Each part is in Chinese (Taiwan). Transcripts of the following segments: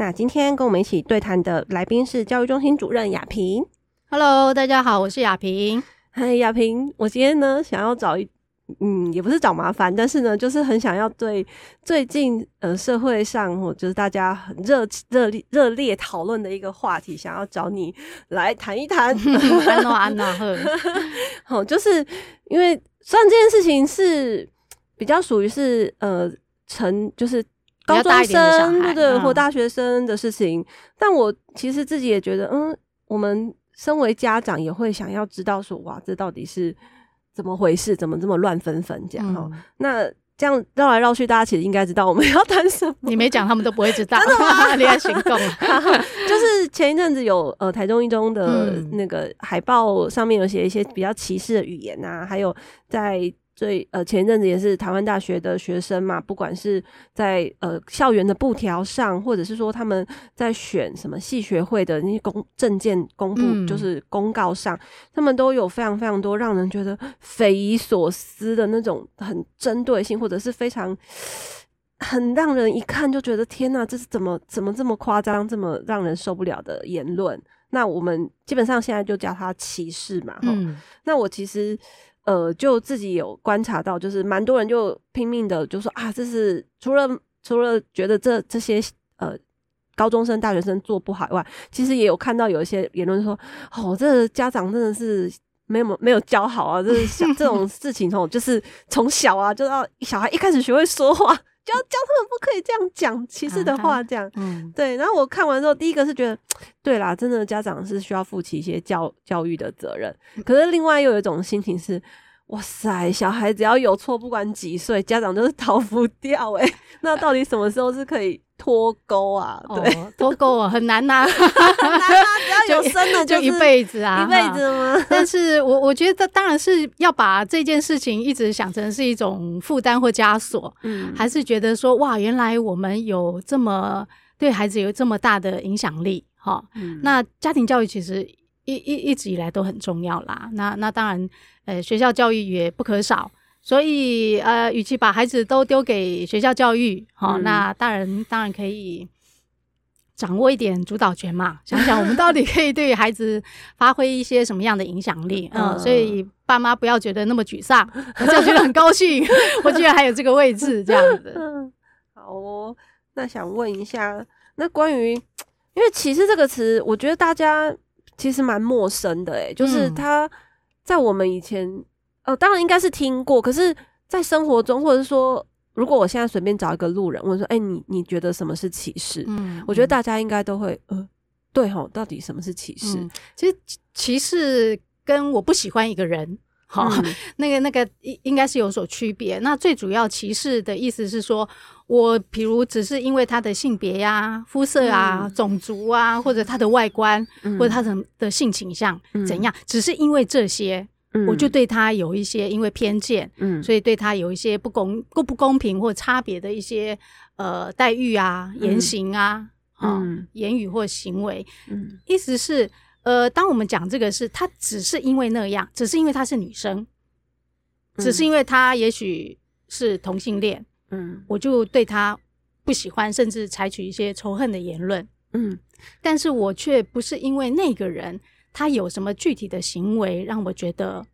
那今天跟我們一起對談的來賓是教育中心主任雅萍。Hello，大家好，我是雅萍。嗨，雅萍，我今天呢想要找一，嗯，也不是找麻煩，但是呢，就是很想要對最近呃社會上或者、就是、大家很熱熱烈熱烈討論的一個話題，想要找你來談一談。安娜，安好，就是因為雖然這件事情是比較屬於是呃成就是。高中生，對對，或者大學生的事情，嗯，但我其實自己也覺得，嗯，我們身為家長也會想要知道說，說哇，這到底是怎麼回事？怎麼這麼亂紛紛？這樣哈，嗯，那這樣繞來繞去，大家其實應該知道我們要談什麼。你沒講，他們都不會知道， 真的你在行動？ 就是前一陣子有呃台中一中的那個海報上面有寫一些比較歧視的語言吶，啊，嗯，還有在。所以，呃，前一陣子也是台灣大學的學生嘛，不管是在呃校園的布條上，或者是說他們在選什麼系學會的那些公證件公布、嗯，就是公告上，他們都有非常非常多讓人覺得匪夷所思的那種很針對性，或者是非常很讓人一看就覺得天哪、啊，這是怎麼怎麼這麼誇張，這麼讓人受不了的言論。那我們基本上現在就叫他歧視嘛齁。嗯，那我其實。呃，就自己有觀察到，就是蠻多人就拼命的就說啊，這是除了除了覺得這這些呃高中生、大學生做不好以外，其實也有看到有一些言論說，哦，這家長真的是沒有沒有教好啊，這是這種事情吼、哦、 就是從小啊，就要小孩一開始學會說話。教教他們不可以這樣講歧視的話，這樣、啊嗯，對。然後我看完之後，第一個是覺得，對啦，真的家長是需要負起一些教教育的責任、嗯。可是另外又有一種心情是，哇塞，小孩只要有錯，不管幾歲，家長就是逃不掉、欸。哎、啊，那到底什麼時候是可以脫鈎啊？哦、對，脫鈎啊，很難吶。 很難就生了就一輩子啊， 一輩子、啊、 一輩子 但是我我覺得當然是要把這件事情一直想成是一種負擔或枷鎖，嗯，還是覺得說哇，原來我們有這麼對孩子有這麼大的影響力，哈、哦嗯，那家庭教育其實一一一直以來都很重要啦。那那當然，呃，學校教育也不可少。所以呃，與其把孩子都丟給學校教育，好、哦嗯，那大人當然可以。掌握一點主導權嘛，想想我們到底可以對孩子發揮一些什麼樣的影響力， 嗯，所以爸媽不要覺得那麼沮喪，我就覺得很高興， 我居然還有這個位置，這樣子。嗯， 好哦。那想問一下，那關於因為其實歧視這個詞，我覺得大家其實蠻陌生的欸，誒就是他在我們以前，呃，當然應該是聽過，可是在生活中或者是說。如果我現在隨便找一個路人問說：“哎、欸，你你覺得什麼是歧視？”嗯，我覺得大家應該都會、嗯，呃，對齁，到底什麼是歧視、嗯？其實歧視跟我不喜歡一個人，嗯嗯、那個那個應應該是有所區別。那最主要歧視的意思是說，我比如只是因為他的性別呀、啊、膚色啊、嗯、種族啊，或者他的外觀，嗯、或者他的的性傾向怎樣、嗯，只是因為這些。我就對他有一些、嗯、因為偏見，嗯，所以對他有一些不公、不不公平或差別的一些呃待遇啊、言行啊、啊、嗯哦嗯、言語或行為，嗯，意思是呃，當我們講這個事，他只是因為那樣，只是因為他是女生，只是因為他也許是同性戀，嗯，我就對他不喜歡，甚至採取一些仇恨的言論，嗯，但是我卻不是因為那個人。他有什麼具體的行為讓我覺得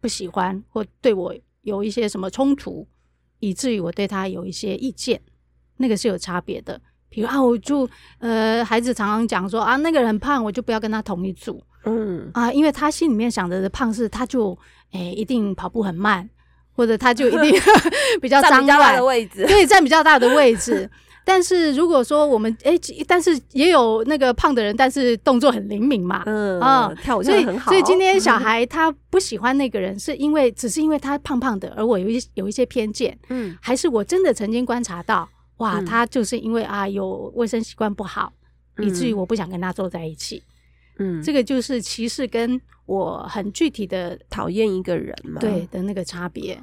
不喜歡，或對我有一些什麼衝突，以至於我對他有一些意見，那個是有差別的。比如啊，我就呃，孩子常常講說啊，那個人很胖，我就不要跟他同一組。嗯啊，因為他心裡面想的胖是他就誒、欸、一定跑步很慢，或者他就一定呵呵 比較髒亂的位置，對，佔比較大的位置。 但是如果說我們哎，但是也有那個胖的人，但是動作很靈敏嘛，嗯，嗯，跳舞所以很好。所以今天小孩他不喜歡那個人，是因為 只是因為他胖胖的，而我有一有一些偏見，嗯，還是我真的曾經觀察到，哇，嗯，他就是因為啊有衛生習慣不好，嗯，以至於我不想跟他坐在一起，嗯，這個就是歧視，跟我很具體的討厭一個人嘛，對的那個差別。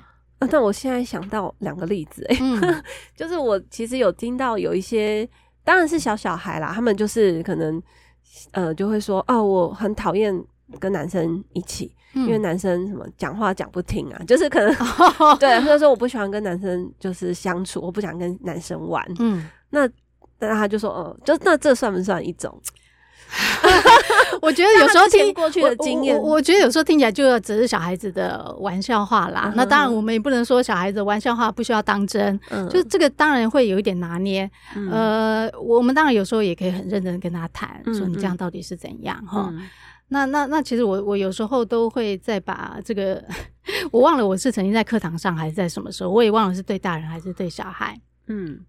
但我現在想到兩個例子、欸，嗯、 就是我其實有聽到有一些，當然是小小孩啦，他們就是可能呃，就會說哦、啊，我很討厭跟男生一起，因為男生什麼講話講不聽啊，就是可能、嗯、對，或者說我不喜歡跟男生就是相處，我不想跟男生玩，嗯，那，那那他就說，哦、呃，就那這算不算一種？ 我覺得有時候聽過去的經驗，我覺得有時候聽起來就只是小孩子的玩笑話啦。嗯、那當然，我們也不能說小孩子玩笑話不需要當真，嗯、就是這個當然會有一點拿捏、嗯。呃，我們當然有時候也可以很認真跟他談、嗯，說你這樣到底是怎樣？哈、嗯嗯，那那那，那其實我我有時候都會再把這個， 我忘了我是曾經在課堂上還是在什麼時候，我也忘了是對大人還是對小孩。嗯。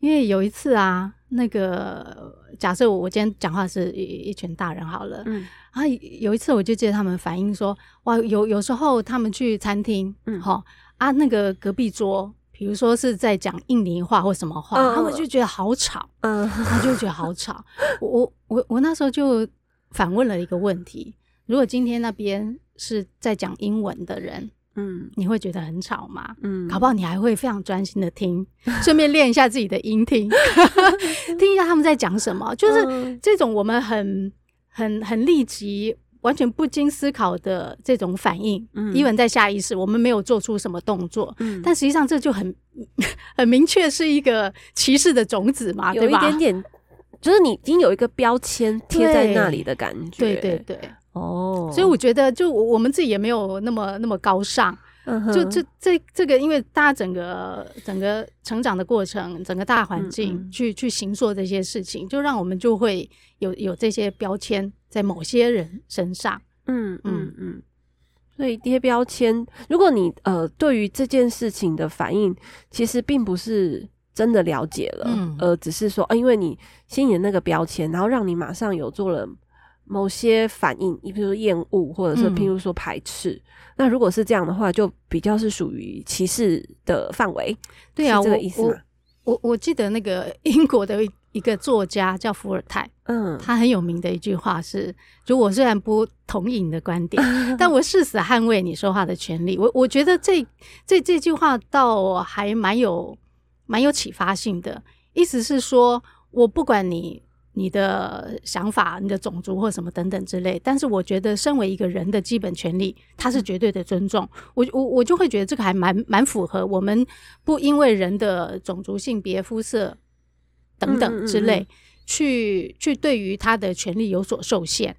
因為有一次啊，那個假設我今天講話是一一群大人好了，嗯，啊有一次我就借他們反映說，哇有有時候他們去餐廳，嗯哈啊那個隔壁桌，比如說是在講印尼話或什麼話，哦，他們就覺得好吵，嗯，他就覺得好吵。 我我我我那時候就反問了一個問題：如果今天那邊是在講英文的人？嗯，你會覺得很吵嗎？嗯，搞不好你還會非常專心的聽，順、嗯、便練一下自己的音聽， 聽一下他們在講什麼。就是這種我們很、很、很立即、完全不經思考的這種反應，嗯，因為在下意識，我們沒有做出什麼動作，嗯、但實際上這就很、很明確是一個歧視的種子嘛，對吧？有一點點，就是你已經有一個標籤貼在那裡的感覺，對對，對對。哦，所以我覺得，就我們自己也沒有那麼那麼高尚，嗯、就這這這個，因為大家整個整個成長的過程，整個大環境去、嗯嗯、去形塑這些事情，就讓我們就會有有這些標籤在某些人身上，嗯嗯嗯。所以這些標籤，如果你呃對於這件事情的反應，其實並不是真的了解了，呃、嗯，而只是說啊、呃，因為你心裡那個標籤，然後讓你馬上有做了。某些反應，你比如說厭惡，或者是譬如說排斥，嗯，那如果是這樣的話，就比較是屬於歧視的範圍。對啊，這個意思我我我我記得那個英國的一個作家叫伏爾泰，嗯，他很有名的一句話是：就我雖然不同意你的觀點， 但我誓死捍衛你說話的權利。我我覺得這這這句話倒還蠻有蠻有啟發性的，意思是說我不管你。你的想法、你的種族或什麼等等之類，但是我覺得，身為一個人的基本權利，他是絕對的尊重。嗯，我我我就會覺得這個還蠻蠻符合我們不因為人的種族、性別、膚色等等之類，嗯嗯嗯，去去對於他的權利有所受限。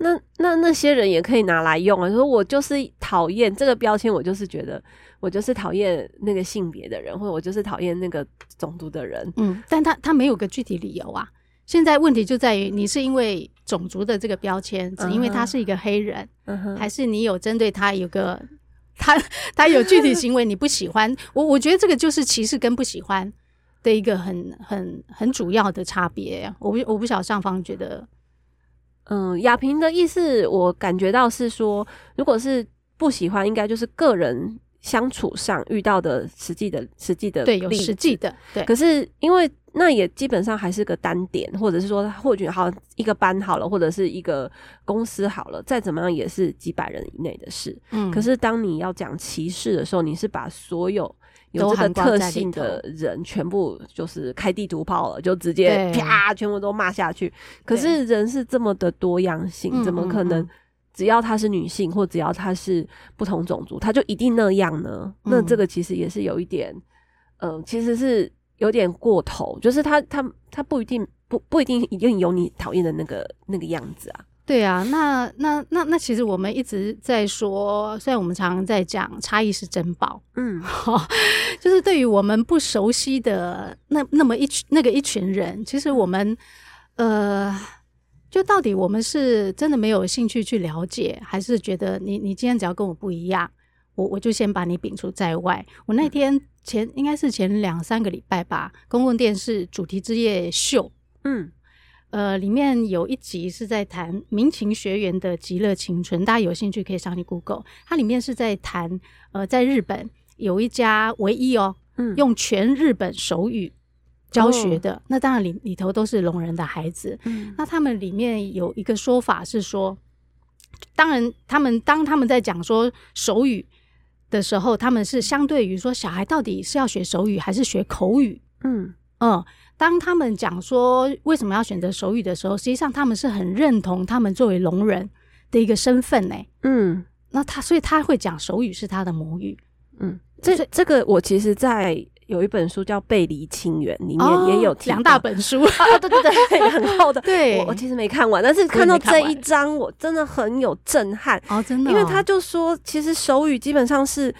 那那那些人也可以拿來用啊，說我就是討厭這個標籤，我就是覺得我就是討厭那個性別的人，或者我就是討厭那個種族的人。嗯，但他他沒有個具體理由啊。現在問題就在於，你是因為種族的這個標籤，只因為他是一個黑人，嗯哼嗯哼，還是你有針對他有個他他有具體行為你不喜歡？ 我我覺得這個就是歧視跟不喜歡的一個很很很主要的差別。我不我不曉得上方覺得，嗯，雅萍的意思我感覺到是說，如果是不喜歡，應該就是個人相處上遇到的實際的、實際的。對，有實際的，對，可是因為。那也基本上還是個單點，或者是說，或許好一個班好了，或者是一個公司好了，再怎麼樣也是幾百人以內的事。嗯。可是，當你要講歧視的時候，你是把所有有這個特性的人全部就是開地圖炮了，就直接啪，全部都罵下去。對。可是人是這麼的多樣性，怎麼可能？只要她是女性，或只要她是不同種族，她、嗯、就一定那樣呢、嗯？那這個其實也是有一點，嗯、呃，其實是。有點過頭，就是他他他不一定不不一定一定有你討厭的那個那個樣子啊。對啊，那那那那其實我們一直在說，雖然我們常常在講差異是珍寶，嗯， 就是對於我們不熟悉的那那麼一群那個一群人，其實我們呃，就到底我們是真的沒有興趣去了解，還是覺得你你今天只要跟我不一樣？我我就先把你摒除在外。我那天前、嗯、應該是前兩三個禮拜吧，公共電視主題之夜秀，嗯，呃，裡面有一集是在談明晴學園的寂樂青春，大家有興趣可以上去 Google。它裡面是在談，呃，在日本有一家唯一哦、喔嗯，用全日本手語教學的，哦、那當然裡裡頭都是聾人的孩子、嗯。那他們裡面有一個說法是說，當然他們當他們在講說手語。的時候，他們是相對於說，小孩到底是要學手語還是學口語？嗯嗯，當他們講說為什麼要選擇手語的時候，實際上他們是很認同他們作為聾人的一個身份呢。欸。嗯，那他所以他會講手語是他的母語。嗯，這這個我其實在。有一本書叫《背離親緣》，裡面也有兩、哦、大本書、啊，對對對，很厚的。 對我，我其實沒看完，但是看到這一章，我真的很有震撼，哦真的哦，因為他就說，其實手語基本上是，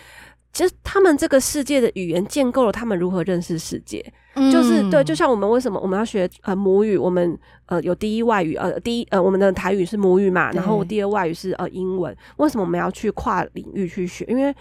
其實他們這個世界的語言建構了他們如何認識世界，嗯、就是對，就像我們為什麼我們要學呃母語，我們呃有第一外語，呃第一呃我們的台語是母語嘛，然後第二外語是呃英文，為什麼我們要去跨領域去學？因為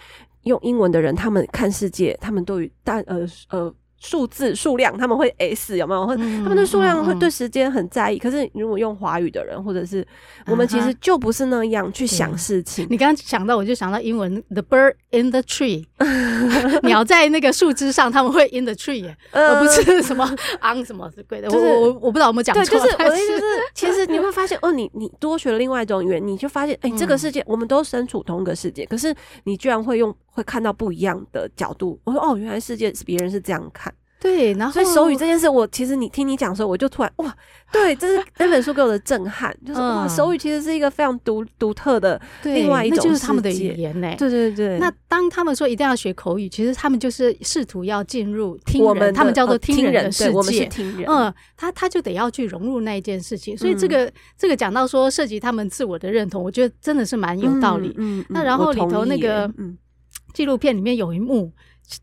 用英文的人，他們看世界，他們對於大呃呃。數字數量，他們會 s 有沒有？會、嗯、他們的數量會對時間很在意、嗯嗯。可是如果用華語的人，或者是、uh -huh, 我們其實就不是那樣去想事情。你剛剛想到，我就想到英文 The bird in the tree， 鳥在那個樹枝上，他們會 in the tree，而、呃、不是什麼 on、嗯、什麼之類的。就是我我，我不知道我們講錯。就是，是我的意思、就是，其實你會發現 哦，你你多學了另外一種語言，你就發現哎、欸，這個世界、嗯、我們都身處同一個世界，可是你居然會用會看到不一樣的角度。我說哦，原來世界別人是這樣看。對，然後所以手語這件事我，我其實你聽你講的時候，我就突然哇，對，這是那本書給我的震撼，嗯、就是哇，手語其實是一個非常獨獨特的另外一種世界，對，那就是他們的語言呢、欸，對對對。那當他們說一定要學口語，其實他們就是試圖要進入聽人我們、哦，他們叫做聽人的世界，嗯，他他就得要去融入那一件事情。所以這個、嗯、這個講到說涉及他們自我的認同，我覺得真的是蠻有道理、嗯嗯嗯。那然後裡頭那個紀錄片裡面有一幕。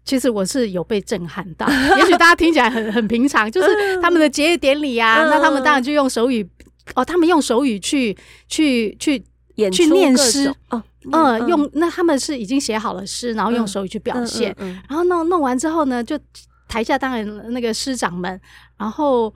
其實我是有被震撼到， 也許大家聽起來很很平常，就是他們的結業典禮啊、嗯，那他們當然就用手語，哦，他們用手語去去去演出去念詩、嗯嗯嗯，嗯，用那他們是已經寫好了詩，然後用手語去表現，嗯嗯嗯嗯、然後弄弄完之後呢，就台下當然那個師長們，然後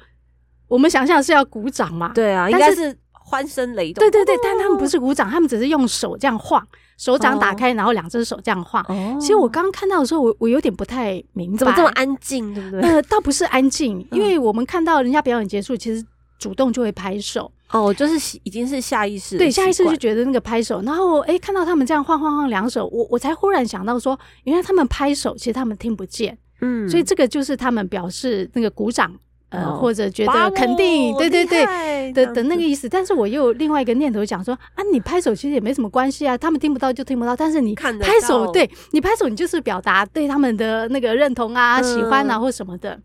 我們想象是要鼓掌嘛，對啊，應該是歡聲雷動，對對對，但他們不是鼓掌，他們只是用手這樣晃。手掌打開，oh. 然後兩只手這樣晃。Oh. 其實我剛剛看到的時候，我我有點不太明白，怎麼這麼安靜，對不對？呃，倒不是安靜， 因為我們看到人家表演結束，其實主動就會拍手。哦、oh,，就是已經是下意識。對，下意識就覺得那個拍手，然後哎，看到他們這樣晃晃晃兩手，我我才忽然想到說，原來他們拍手，其實他們聽不見。嗯，所以這個就是他們表示那個鼓掌。呃，oh, 或者覺得肯定，對對對的的那個意思，但是我又另外一個念頭講說啊，你拍手其實也沒什麼關係啊，他們聽不到就聽不到，但是你拍手，看到對你拍手，你就是表達對他們的那個認同啊、嗯、喜歡啊或什麼的。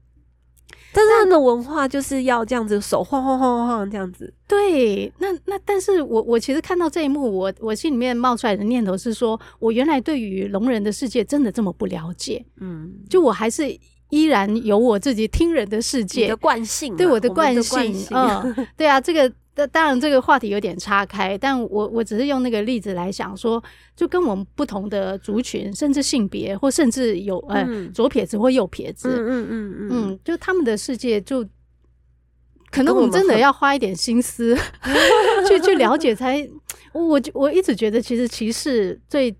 但是他們的文化就是要這樣子，手晃晃晃晃晃這樣子。對，那那，但是我我其實看到這一幕，我我心裡面冒出來的念頭是說，我原來對於聾人的世界真的這麼不了解，嗯，就我還是。依然有我自己聽人的世界，的慣性，對我的慣性，性，嗯， 對啊，這個，當然這個話題有點岔開，但我我只是用那個例子來想說，就跟我們不同的族群，甚至性別，或甚至有呃、嗯、左撇子或右撇子，嗯嗯嗯嗯，嗯，就他們的世界就可能我們真的要花一點心思去 去了解才，我我我一直覺得其實歧視最，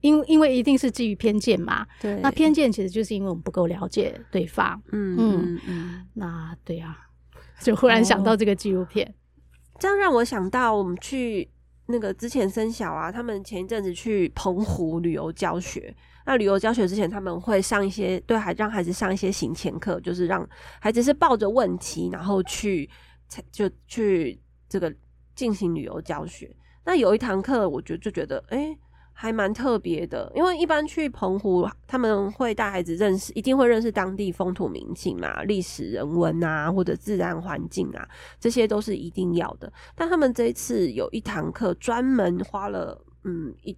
因因為一定是基於偏見嘛，對，那偏見其實就是因為我們不夠了解對方。嗯嗯嗯，那對啊，就忽然想到這個紀錄片。哦，這樣讓我想到我們去那個之前森小啊，他們前一陣子去澎湖旅遊教學。那旅遊教學之前，他們會上一些對孩讓孩子上一些行前課，就是讓孩子是抱着問題，然後去就去這個進行旅遊教學。那有一堂課，我就就覺得誒、欸還蠻特別的，因為一般去澎湖，他們會帶孩子認識，一定會認識當地風土民情嘛，歷史人文啊，或者自然環境啊，這些都是一定要的。但他們這一次有一堂課專門花了，嗯，一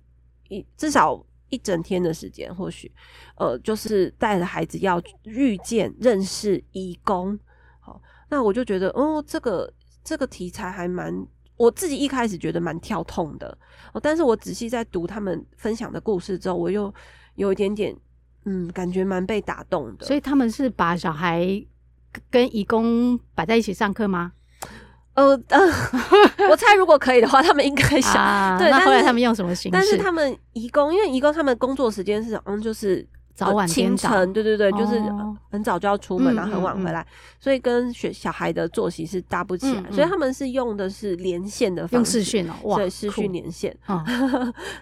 一至少一整天的時間，或許，呃，就是帶着孩子要遇見認識移工。好，那我就覺得，哦，這個這個題材還蠻。我自己一開始覺得蠻跳痛的，但是我仔細在讀他們分享的故事之後，我又有一點點，嗯，感覺蠻被打動的。所以他們是把小孩跟移工擺在一起上課嗎？呃，呃 我猜如果可以的話，他們應該想。啊、對，那後來他們用什麼形式？但是他們移工，因為移工他們工作時間是，嗯，就是。呃、清晨，對對對，就是很早就要出門，哦，然後很晚回來，嗯，嗯嗯嗯，所以跟學小孩的作息是搭不起來，嗯，嗯嗯，所以他們是用的是連線的方式，用視訊哦，對，視訊連線，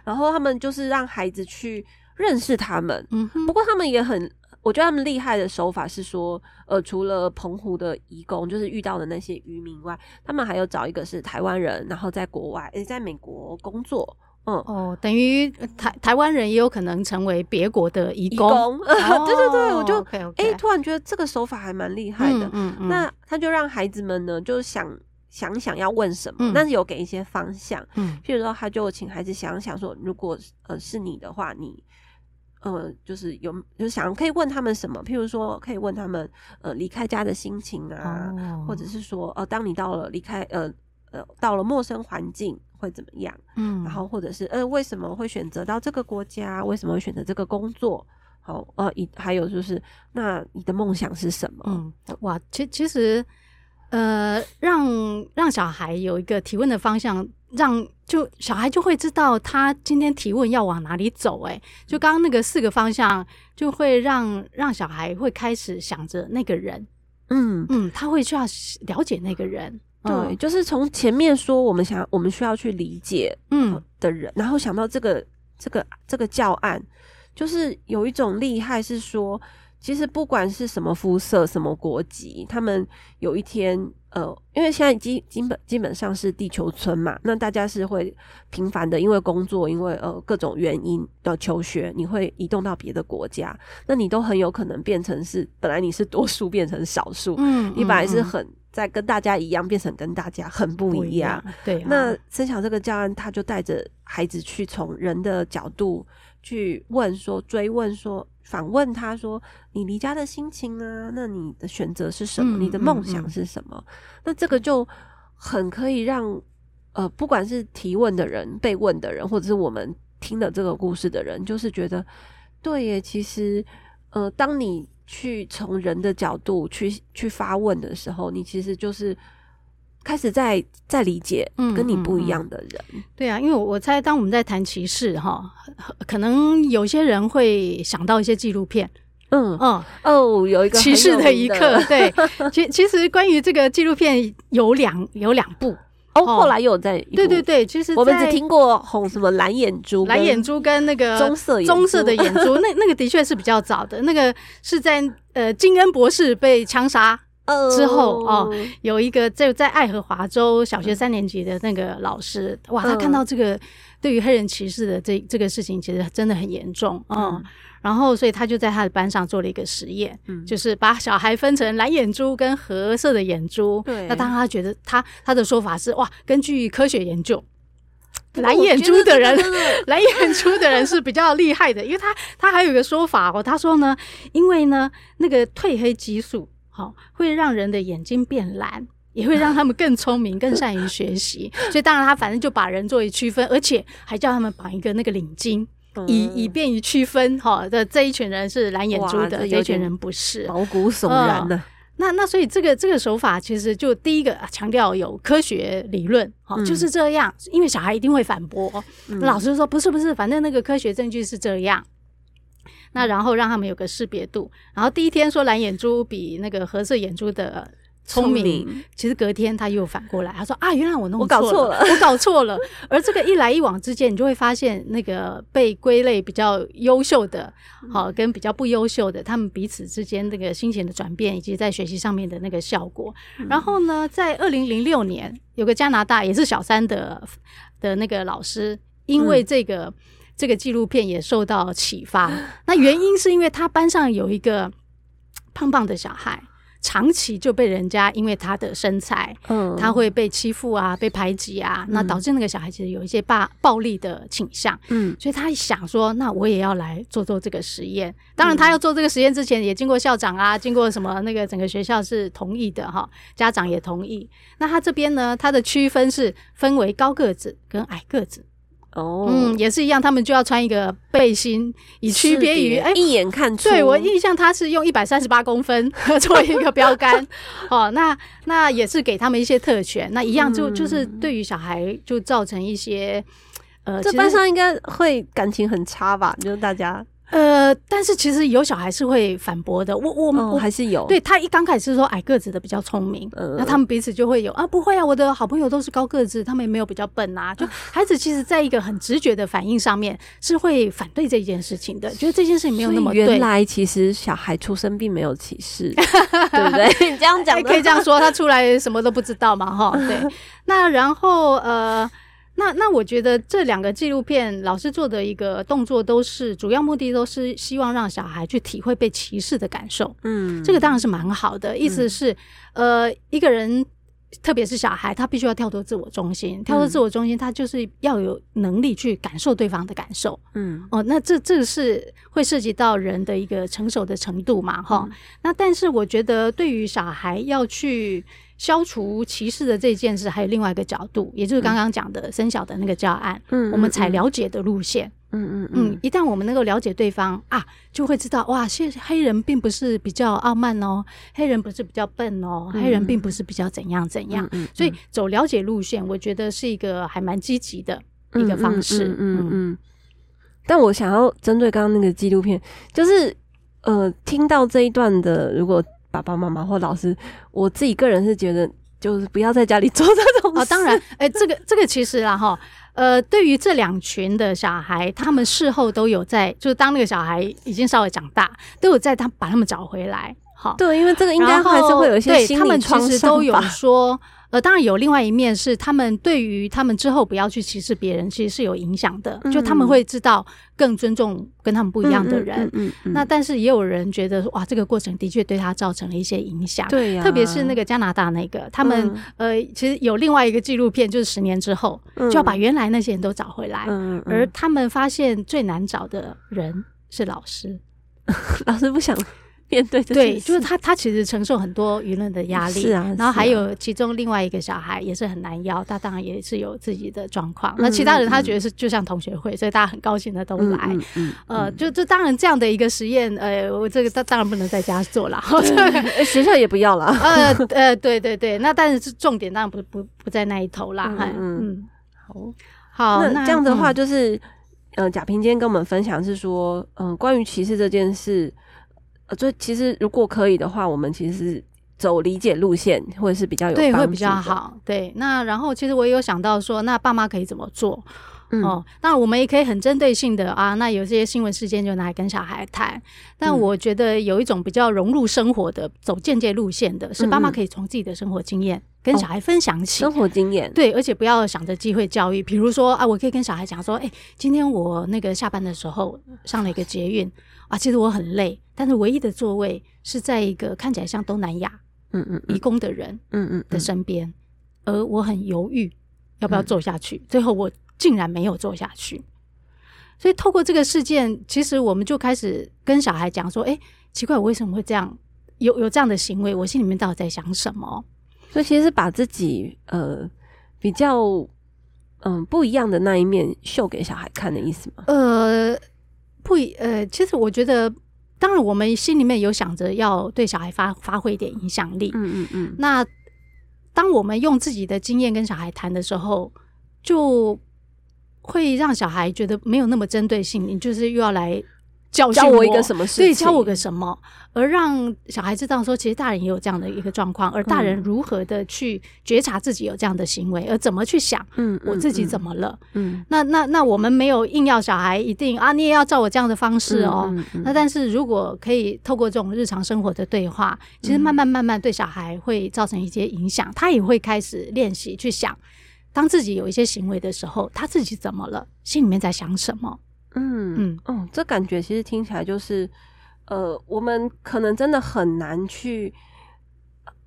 然後他們就是讓孩子去認識他們，嗯， 嗯，不過他們也很，我覺得他們厲害的手法是說，呃，除了澎湖的移工，就是遇到的那些漁民外，他們還有找一個是台灣人，然後在國外，誒在美國工作。哦、嗯、哦，等於、呃、台台灣人也有可能成為別國的移工，工 對對對，oh, 我就哎、okay, okay. 欸，突然覺得這個手法還蠻厲害的、嗯嗯嗯。那他就讓孩子們呢，就是想想想要問什麼、嗯，但是有給一些方向。嗯。譬如說，他就請孩子想想說，如果呃是你的話，你呃就是有就是想可以問他們什麼？譬如說，可以問他們呃離開家的心情啊，oh. 或者是說呃當你到了離開呃。呃，到了陌生環境會怎麼樣？嗯，然後或者是，呃，為什麼會選擇到這個國家？為什麼會選擇這個工作？好，呃，以還有就是，那你的夢想是什麼？嗯，哇，其其實，呃，讓讓小孩有一個提問的方向，讓就小孩就會知道他今天提問要往哪裡走、欸。哎，就剛剛那個四個方向，就會讓讓小孩會開始想着那個人，嗯嗯，他會就要了解那個人。嗯對、哦欸，就是從前面說，我們想，我們需要去理解，嗯，的人，嗯、然後想到這個，這個，這個教案，就是有一種厲害是說。其實不管是什麼膚色、什麼國籍，他們有一天，呃，因為現在基本基本上是地球村嘛，那大家是會頻繁的，因為工作，因為呃各種原因的求學，你會移動到別的國家，那你都很有可能變成是本來你是多數變成少數，嗯，你本來是很、嗯、在跟大家一樣，變成跟大家很不一樣，一樣對、啊。那森小這個教案，他就帶着孩子去從人的角度去問說、追問說。訪問他說：“你離家的心情啊？那你的選擇是什麼？嗯、你的夢想是什麼、嗯嗯嗯？那這個就很可以讓呃，不管是提問的人、被問的人，或者是我們聽了這個故事的人，就是覺得，對耶，其實呃，當你去從人的角度去去發問的時候，你其實就是。”開始在在理解跟你不一樣的人，嗯嗯嗯、對啊，因為我我猜當我們在談歧視哈，可能有些人會想到一些紀錄片，嗯嗯哦，有一個歧視的，的一刻，對， 其其實關於這個紀錄片有兩有兩部哦，哦，後來又有在，對對對，其實在我們只聽過紅什麼藍眼珠、藍眼珠跟那個棕色棕色的眼珠， 那那個的確是比較早的，那個是在呃金恩博士被槍殺。之後哦，有一個在在愛荷華州小學三年級的那個老師，嗯、哇，他看到這個對於黑人歧視的這這個事情，其實真的很嚴重啊、嗯嗯。然後，所以他就在他的班上做了一個實驗、嗯，就是把小孩分成藍眼珠跟褐色的眼珠。對。那當他覺得他他的說法是，哇，根據科學研究，藍眼珠的人，真的真的藍眼珠的人是比較厲害的， 因為他他還有一個說法哦，他說呢，因為呢，那個褪黑激素。好、哦，會讓人的眼睛變藍，也會讓他們更聰明、啊、更善於學習。 所以當然，他反正就把人作為區分，而且還叫他們綁一個那個領巾、嗯，以以便於區分。哈、哦，的這一群人是藍眼珠的，這一群人不是。毛骨悚然的、呃。那那，所以這個這個手法其實就第一個強調有科學理論。好、哦嗯，就是這樣。因為小孩一定會反駁，嗯、老師說不是不是，反正那個科學證據是這樣。那然後讓他們有個識別度，然後第一天說藍眼珠比那個褐色眼珠的聰明，聰明，其實隔天他又反過來，他說啊，原來我弄錯了，我搞錯了，我搞錯了。 而這個一來一往之間，你就會發現那個被歸類比較優秀的，好、嗯哦、跟比較不優秀的，他們彼此之間那個心情的轉變，以及在學習上面的那個效果。嗯、然後呢，在二零零六年，有個加拿大也是小三的的那個老師，因為這個。嗯這個紀錄片也受到啟發，那原因是因為他班上有一個胖胖的小孩，長期就被人家因為他的身材，嗯，他會被欺負啊，被排擠啊、嗯，那導致那個小孩其實有一些霸暴，暴力的傾向，嗯，所以他想說，那我也要來做做這個實驗。當然，他要做這個實驗之前也經過校長啊，經過什麼那個整個學校是同意的哈，家長也同意。那他這邊呢，他的區分是分為高個子跟矮個子。哦、oh，嗯，也是一樣，他們就要穿一個背心，以區別於哎一眼看出。欸、對我印象，他是用一百三十八公分作為 一個標杆。 哦，那那也是給他們一些特權。那一樣就、嗯、就是對於小孩就造成一些呃，這班上應該會感情很差吧？就是大家。呃，但是其實有小孩是會反駁的。我我、哦、我還是有，對他一剛開始是說矮個子的比較聰明，那、呃、他們彼此就會有啊，不會啊，我的好朋友都是高個子，他們也沒有比較笨啊。就孩子其實，在一個很直覺的反應上面，是會反對這件事情的、嗯，覺得這件事情沒有那麼對。原來其實小孩出生並沒有歧視， 對不對？你 這樣講可以這樣說，他出來什麼都不知道嘛，哈。 對，那然後呃。那那我覺得這兩個紀錄片老師做的一個動作，都是主要目的都是希望讓小孩去體會被歧視的感受。嗯，這個當然是蠻好的，意思是，嗯、呃，一個人特別是小孩，他必須要跳脫自我中心、嗯，跳脫自我中心，他就是要有能力去感受對方的感受。嗯，哦，那這這是會涉及到人的一個成熟的程度嘛？哈、嗯，那但是我覺得對於小孩要去。消除歧視的這件事，還有另外一個角度，也就是剛剛講的、嗯、森小的那個教案，嗯，我們才了解的路線，嗯嗯嗯，一旦我們能夠了解對方啊，就會知道哇，黑黑人並不是比較傲慢哦，黑人不是比較笨哦，嗯、黑人並不是比較怎樣怎樣、嗯，所以走了解路線，我覺得是一個還蠻積極的一個方式，嗯嗯，嗯，嗯，嗯，但我想要針對剛剛那個紀錄片，就是呃，聽到這一段的，如果。爸爸媽媽或老師，我自己個人是覺得，就是不要在家裡做這種事。啊、哦，當然，誒、欸，這個這個其實啦，哈，呃，對於這兩群的小孩，他們事後都有在，就是當那個小孩已經稍微長大，都有在他把他們找回來，哈、哦，對，因為這個應該還是會有一些心理創傷吧，對，他們其實都有說。 呃，當然有另外一面是他們對於他們之後不要去歧視別人，其實是有影響的。嗯，就他們會知道更尊重跟他們不一樣的人。嗯，嗯，嗯，嗯。那但是也有人覺得，哇，這個過程的確對他造成了一些影響。對呀、啊。特別是那個加拿大那個，他們、嗯、呃，其實有另外一個紀錄片，就是十年之後、嗯、就要把原來那些人都找回來。嗯，嗯。而他們發現最難找的人是老師， 老師不想。面對是是對，就是他，他其實承受很多輿論的壓力，是啊。是啊，然後還有其中另外一個小孩也是很難邀，他當然也是有自己的狀況、嗯。那其他人他覺得是就像同學會，嗯、所以大家很高興的都來，嗯，嗯嗯呃，嗯、就就當然這樣的一個實驗，呃，我這個當當然不能在家做了、 嗯，學校也不要了， 呃呃，對對對，那但是是重點，當然不不不在那一頭啦，嗯好、嗯嗯，好，那，那，那這樣子的話就是，嗯，雅、呃、萍今天跟我們分享是說，嗯、呃，關於歧視這件事。呃、哦，所以其實如果可以的話，我們其實走理解路線，或者是比較有的對會比較好。對，那然後其實我也有想到說，那爸媽可以怎麼做、嗯？哦，那我們也可以很針對性的啊，那有些新聞事件就拿來跟小孩談。但我覺得有一種比較融入生活的、嗯、走間接路線的，是爸媽可以從自己的生活經驗跟小孩分享起、哦、生活經驗。對，而且不要想着機會教育，比如說啊，我可以跟小孩講說，哎、欸，今天我那個下班的時候上了一個捷運。 啊，其實我很累，但是唯一的座位是在一個看起來像東南亞嗯嗯移、嗯、工的人的嗯嗯的身邊，而我很猶豫要不要坐下去、嗯，最後我竟然沒有坐下去。所以透過這個事件，其實我們就開始跟小孩講說，哎、欸，奇怪我為什麼會這樣，有有這樣的行為，我心裡面到底在想什麼？所以其實是把自己呃比較嗯、呃、不一樣的那一面秀給小孩看的意思嗎？呃。會呃，其實我覺得，當然我們心裡面有想着要對小孩發發揮一點影響力。嗯嗯嗯。那當我們用自己的經驗跟小孩談的時候，就會讓小孩覺得沒有那麼針對性。你就是又要來。教訓我，教我一個什麼事情？對，教我個什麼？而讓小孩知道說，其實大人也有這樣的一個狀況，而大人如何的去覺察自己有這樣的行為，嗯、而怎麼去想，嗯，我自己怎麼了？嗯，嗯那那那我們沒有硬要小孩一定啊，你也要照我這樣的方式哦、喔嗯嗯嗯。那但是如果可以透過這種日常生活的對話，其實慢慢慢慢對小孩會造成一些影響、嗯，他也會開始練習去想，當自己有一些行為的時候，他自己怎麼了，心裡面在想什麼。嗯嗯哦，這感覺其實聽起來就是，呃，我們可能真的很難去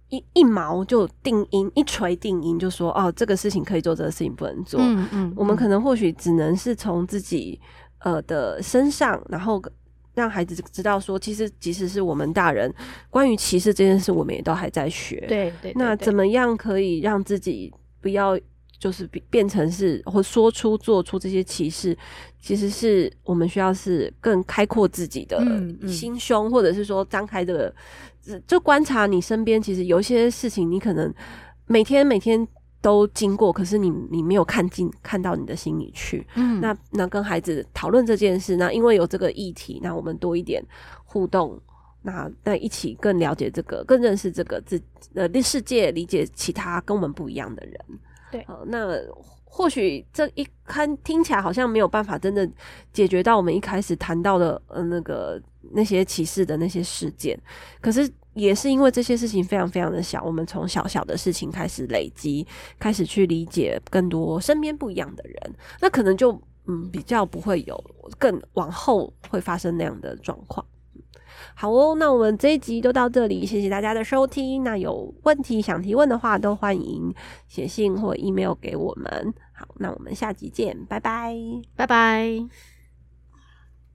一一毛就定音，一錘定音，就說哦，這個事情可以做，這個事情不能做。嗯嗯，我們可能或許只能是從自己呃的身上，然後讓孩子知道說，其實即使是我們大人，關於歧視這件事，我們也都還在學。對、嗯、對，那怎麼樣可以讓自己不要？就是變變成是或說出做出這些歧視，其實是我們需要是更開闊自己的心胸，或者是說張開這個，就觀察你身邊，其實有些事情你可能每天每天都經過，可是你你沒有看進看到你的心裡去。嗯，那那跟孩子討論這件事，那因為有這個議題，那我們多一點互動，那那一起更了解這個，更認識這個自呃世界，理解其他跟我們不一樣的人。對，呃，那或許這一看聽起來好像沒有辦法真的解決到我們一開始談到的，呃，那個那些歧視的那些事件，可是也是因為這些事情非常非常的小，我們從小小的事情開始累積，開始去理解更多身邊不一樣的人，那可能就嗯比較不會有更往後會發生那樣的狀況。好哦，那我們這一集就到這裡，謝謝大家的收聽。那有問題想提問的話，都歡迎寫信或 email 給我們。好，那我們下集見，拜拜，拜拜。